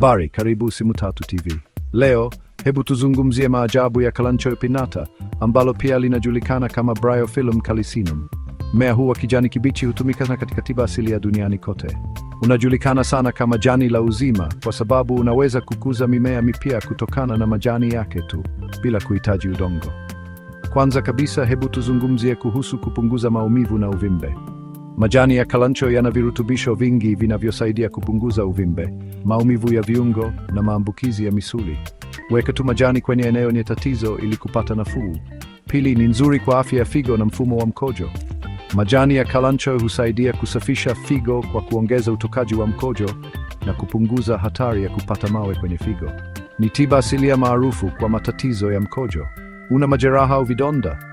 Habari, karibu Simu Tatu TV. Leo hebu tuzungumzie maajabu ya Kalanchoepinnata ambalo pia linajulikana kama Bryophyllum calicinum. Mmea huu wa kijani kibichi hutumika na katika tiba asilia duniani kote. Unajulikana sana kama jani la uzima kwa sababu unaweza kukuza mimea mipya kutokana na majani yake tu bila kuhitaji udongo. Kwanza kabisa, hebu tuzungumzie kuhusu kupunguza maumivu na uvimbe. Majani ya kalancho yana virutubisho vingi vinavyosaidia kupunguza uvimbe, maumivu ya viungo na maambukizi ya misuli. Weka tu majani kwenye eneo lenye tatizo ili kupata nafuu. Pili, ni nzuri kwa afya ya figo na mfumo wa mkojo. Majani ya kalancho husaidia kusafisha figo kwa kuongeza utokaji wa mkojo na kupunguza hatari ya kupata mawe kwenye figo. Ni tiba asilia maarufu kwa matatizo ya mkojo. Una majeraha au vidonda?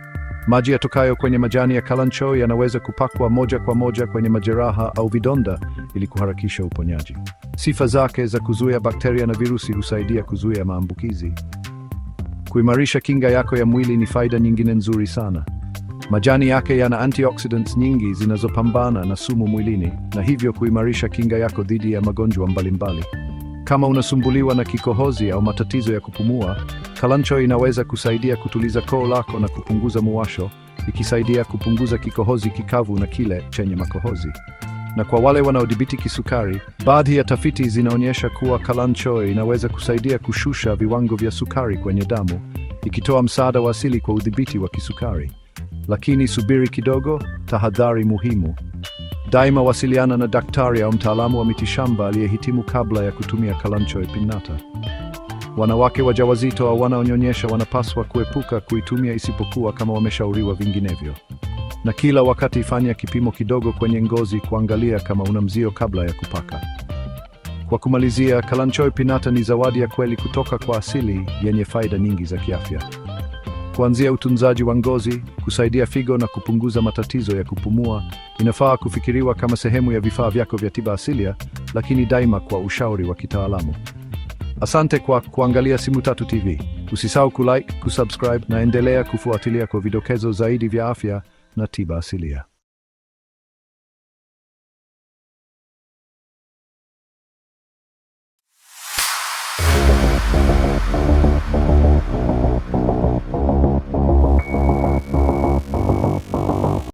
Maji yatokayo kwenye majani ya kalancho yanaweza kupakwa moja kwa moja kwenye majeraha au vidonda ili kuharakisha uponyaji. Sifa zake za kuzuia bakteria na virusi husaidia kuzuia maambukizi. Kuimarisha kinga yako ya mwili ni faida nyingine nzuri sana. Majani yake yana antioxidants nyingi zinazopambana na sumu mwilini na hivyo kuimarisha kinga yako dhidi ya magonjwa mbalimbali. Kama unasumbuliwa na kikohozi au matatizo ya kupumua, kalancho inaweza kusaidia kutuliza koo lako na kupunguza muwasho, ikisaidia kupunguza kikohozi kikavu na kile chenye makohozi. Na kwa wale wanaodhibiti kisukari, baadhi ya tafiti zinaonyesha kuwa kalancho inaweza kusaidia kushusha viwango vya sukari kwenye damu, ikitoa msaada wa asili kwa udhibiti wa kisukari. Lakini subiri kidogo, tahadhari muhimu. Daima wasiliana na daktari au mtaalamu wa mitishamba aliyehitimu kabla ya kutumia kalanchoe pinnata. Wanawake wajawazito au wanaonyonyesha wanapaswa kuepuka kuitumia isipokuwa kama wameshauriwa vinginevyo. Na kila wakati ifanya kipimo kidogo kwenye ngozi kuangalia kama una mzio kabla ya kupaka. Kwa kumalizia, Kalanchoe pinata ni zawadi ya kweli kutoka kwa asili yenye faida nyingi za kiafya, kuanzia utunzaji wa ngozi, kusaidia figo na kupunguza matatizo ya kupumua. Inafaa kufikiriwa kama sehemu ya vifaa vyako vya tiba asilia, lakini daima kwa ushauri wa kitaalamu. Asante kwa kuangalia Simu Tatu TV. Usisahau kulike, kusubscribe na endelea kufuatilia kwa vidokezo zaidi vya afya na tiba asilia.